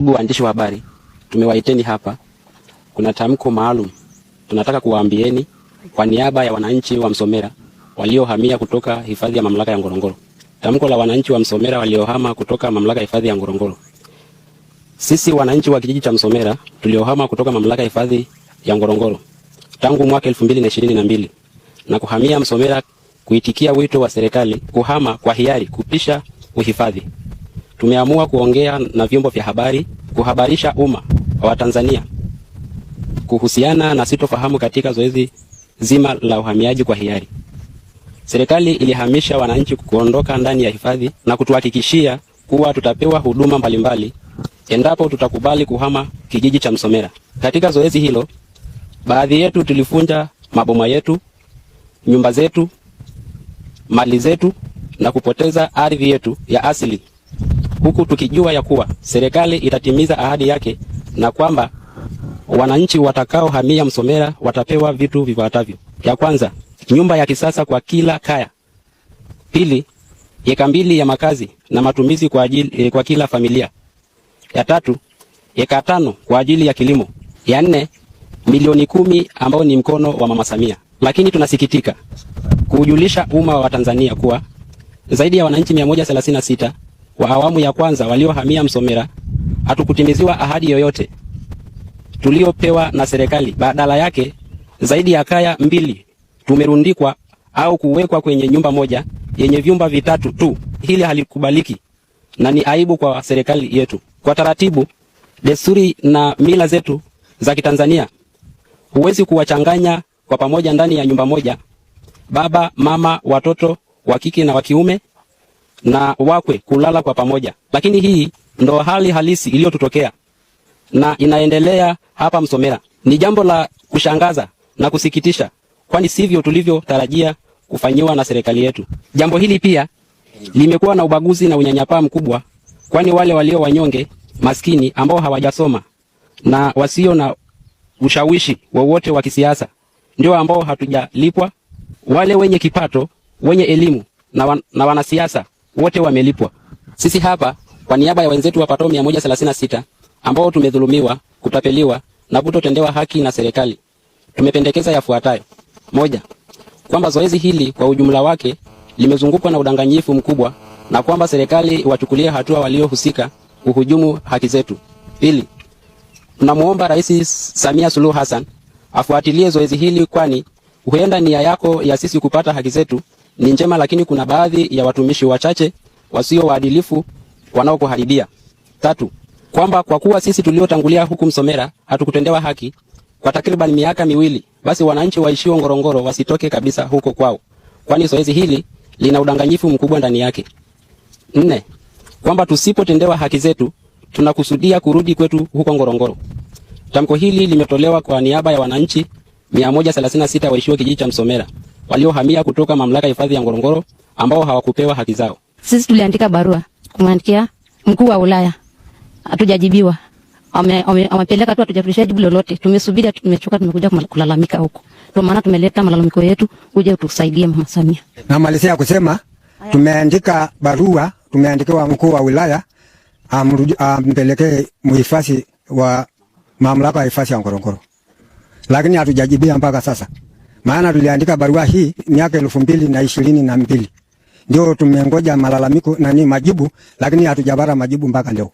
Ndugu waandishi wa habari, tumewaiteni hapa, kuna tamko maalum tunataka kuwaambieni kwa niaba ya wananchi wa Msomera waliohamia kutoka hifadhi ya mamlaka ya Ngorongoro. Tamko la wananchi wa Msomera waliohama kutoka mamlaka ya hifadhi ya Ngorongoro. Sisi wananchi wa kijiji cha Msomera tuliohama kutoka mamlaka ya hifadhi ya Ngorongoro tangu mwaka 2022 na kuhamia Msomera kuitikia wito wa serikali kuhama kwa hiari kupisha uhifadhi tumeamua kuongea na vyombo vya habari kuhabarisha umma wa Tanzania kuhusiana na sitofahamu katika zoezi zima la uhamiaji kwa hiari. Serikali ilihamisha wananchi kuondoka ndani ya hifadhi na kutuhakikishia kuwa tutapewa huduma mbalimbali endapo tutakubali kuhama kijiji cha Msomera. Katika zoezi hilo, baadhi yetu tulifunja maboma yetu, nyumba zetu, mali zetu na kupoteza ardhi yetu ya asili huku tukijua ya kuwa serikali itatimiza ahadi yake na kwamba wananchi watakaohamia Msomera watapewa vitu vifuatavyo: ya kwanza, nyumba ya kisasa kwa kila kaya; pili, eka mbili ya makazi na matumizi kwa ajili, eh, kwa kila familia; ya tatu, eka tano kwa ajili ya kilimo; ya nne, milioni kumi ambao ni mkono wa Mama Samia. Lakini tunasikitika kujulisha umma wa Tanzania kuwa zaidi ya wananchi 136 wa awamu ya kwanza waliohamia Msomera hatukutimiziwa ahadi yoyote tuliopewa na serikali. Badala yake zaidi ya kaya mbili tumerundikwa au kuwekwa kwenye nyumba moja yenye vyumba vitatu tu. Hili halikubaliki na ni aibu kwa serikali yetu. Kwa taratibu, desturi na mila zetu za Kitanzania, huwezi kuwachanganya kwa pamoja ndani ya nyumba moja: baba, mama, watoto wa kike na wa kiume na wakwe kulala kwa pamoja, lakini hii ndo hali halisi iliyotutokea na inaendelea hapa Msomera. Ni jambo la kushangaza na kusikitisha, kwani sivyo tulivyotarajia kufanyiwa na serikali yetu. Jambo hili pia limekuwa na ubaguzi na unyanyapaa mkubwa, kwani wale walio wanyonge, maskini, ambao hawajasoma na wasio na ushawishi wowote wa kisiasa ndio ambao hatujalipwa. Wale wenye kipato, wenye elimu na, wan, na wanasiasa wote wamelipwa. Sisi hapa kwa niaba ya wenzetu wapatao 136 ambao tumedhulumiwa, kutapeliwa na kutotendewa haki na serikali, tumependekeza yafuatayo: moja, kwamba zoezi hili kwa ujumla wake limezungukwa na udanganyifu mkubwa na kwamba serikali iwachukulie hatua waliohusika kuhujumu haki zetu. Pili, tunamwomba Rais Samia Suluhu Hassan afuatilie zoezi hili, kwani huenda nia yako ya sisi kupata haki zetu ni njema, lakini kuna baadhi ya watumishi wachache wasio waadilifu wanaokuharibia. Tatu, kwamba kwa kuwa sisi tuliotangulia huku Msomera hatukutendewa haki kwa takriban miaka miwili, basi wananchi waishio Ngorongoro wasitoke kabisa huko kwao, kwani zoezi hili lina udanganyifu mkubwa ndani yake. Nne, kwamba tusipotendewa haki zetu tunakusudia kurudi kwetu huko Ngorongoro. Tamko hili limetolewa kwa niaba ya wananchi 136 waishio kijiji cha Msomera waliohamia kutoka mamlaka hifadhi ya Ngorongoro ambao hawakupewa haki zao. Sisi tuliandika barua kumwandikia mkuu wa Ulaya, hatujajibiwa. Wamepeleka tu, hatujafikisha jibu lolote. Tumesubiri, tumechoka, tumekuja kulalamika huko, ndio maana tumeleta malalamiko yetu, uje utusaidie mama Samia. Namalizia kusema tumeandika barua, tumeandikiwa mkuu wa Ulaya ampelekee muhifadhi wa mamlaka ya hifadhi ya Ngorongoro, lakini hatujajibia mpaka sasa maana tuliandika barua hii miaka elfu mbili na ishirini na mbili ndio tumengoja malalamiko nani majibu, lakini hatujapata majibu mpaka leo.